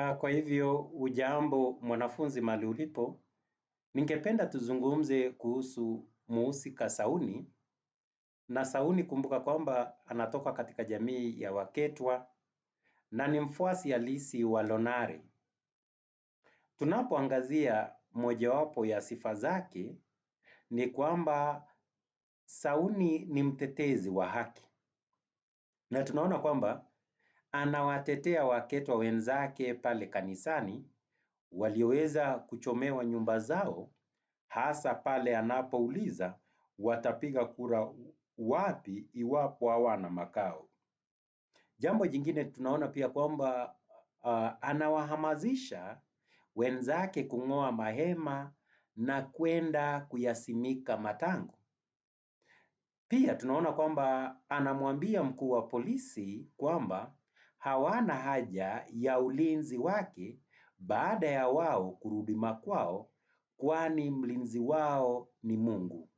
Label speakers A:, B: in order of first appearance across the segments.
A: Ah, kwa hivyo, ujambo mwanafunzi mali ulipo, ningependa tuzungumze kuhusu muhusika Sauni, na Sauni kumbuka kwamba anatoka katika jamii ya Waketwa, na ni mfuasi halisi wa Lonare. Tunapoangazia mojawapo ya sifa zake, ni kwamba Sauni ni mtetezi wa haki. Na tunaona kwamba anawatetea waketwa wenzake pale kanisani walioweza kuchomewa nyumba zao hasa pale anapouliza watapiga kura wapi iwapo hawana makao. Jambo jingine tunaona pia kwamba uh, anawahamasisha wenzake kung'oa mahema na kwenda kuyasimika matango. Pia tunaona kwamba anamwambia mkuu wa polisi kwamba hawana haja ya ulinzi wake baada ya wao kurudi makwao kwani mlinzi wao ni Mungu.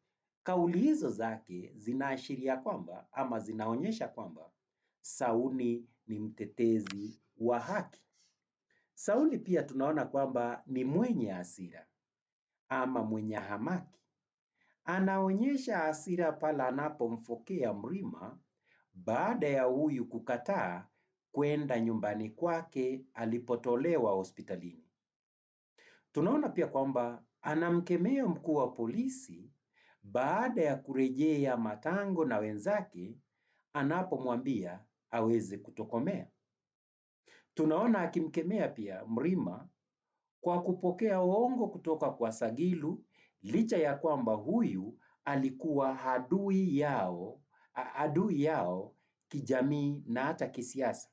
A: Kauli hizo zake zinaashiria kwamba ama zinaonyesha kwamba Sauli ni mtetezi wa haki. Sauli pia tunaona kwamba ni mwenye hasira ama mwenye hamaki. Anaonyesha hasira pale anapomfokea Mrima baada ya huyu kukataa kwenda nyumbani kwake alipotolewa hospitalini. Tunaona pia kwamba anamkemea mkuu wa polisi baada ya kurejea Matango na wenzake anapomwambia aweze kutokomea. Tunaona akimkemea pia Mrima kwa kupokea uongo kutoka kwa Sagilu licha ya kwamba huyu alikuwa adui yao, adui yao kijamii na hata kisiasa.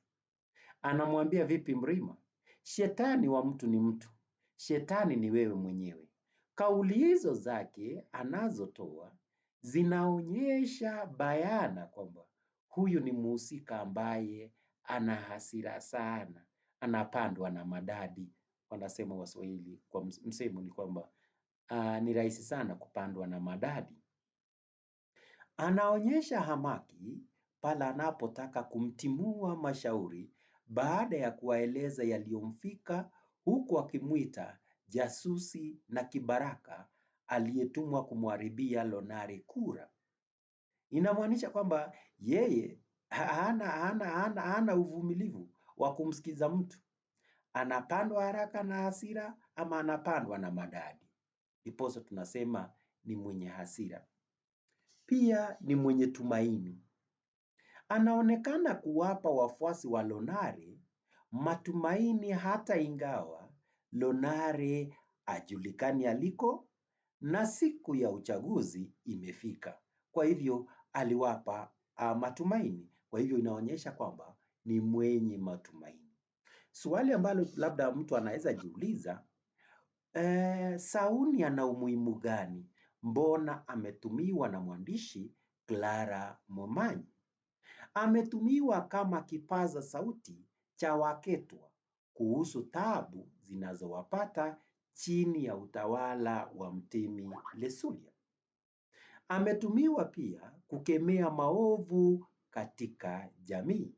A: Anamwambia vipi Mrima? Shetani wa mtu ni mtu, shetani ni wewe mwenyewe. Kauli hizo zake anazotoa zinaonyesha bayana kwamba huyu ni mhusika ambaye ana hasira sana, anapandwa na madadi. Wanasema Waswahili kwa msemo ni kwamba uh, ni rahisi sana kupandwa na madadi. Anaonyesha hamaki pale anapotaka kumtimua Mashauri baada ya kuwaeleza yaliyomfika huku akimwita jasusi na kibaraka aliyetumwa kumharibia Lonare kura. Inamaanisha kwamba yeye hana, hana, hana, hana uvumilivu wa kumsikiza mtu, anapandwa haraka na hasira ama anapandwa na madadi, ndiposa tunasema ni mwenye hasira. Pia ni mwenye tumaini Anaonekana kuwapa wafuasi wa Lonare matumaini hata ingawa Lonare ajulikani aliko na siku ya uchaguzi imefika. Kwa hivyo aliwapa ah, matumaini. Kwa hivyo inaonyesha kwamba ni mwenye matumaini. Swali ambalo labda mtu anaweza jiuliza, eh, Sauni ana umuhimu gani? Mbona ametumiwa na mwandishi Clara Momanyi? Ametumiwa kama kipaza sauti cha waketwa kuhusu taabu zinazowapata chini ya utawala wa Mtemi Lesulia. Ametumiwa pia kukemea maovu katika jamii.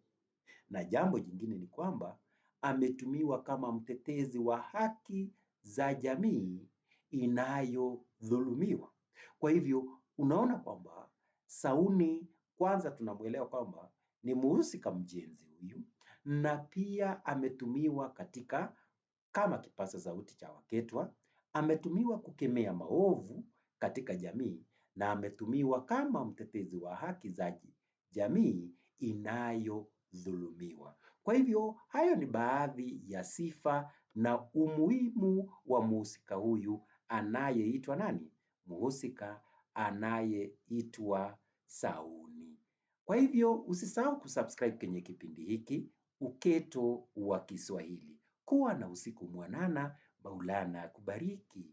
A: Na jambo jingine ni kwamba ametumiwa kama mtetezi wa haki za jamii inayodhulumiwa. Kwa hivyo unaona kwamba Sauni kwanza tunamwelewa kwamba ni muhusika mjenzi huyu na pia ametumiwa katika kama kipasa sauti cha waketwa, ametumiwa kukemea maovu katika jamii na ametumiwa kama mtetezi wa haki za jamii inayodhulumiwa. Kwa hivyo hayo ni baadhi ya sifa na umuhimu wa mhusika huyu anayeitwa nani? Mhusika anayeitwa Sauli. Kwa hivyo usisahau kusubscribe kwenye kipindi hiki Uketo wa Kiswahili. Kuwa na usiku mwanana, baulana akubariki.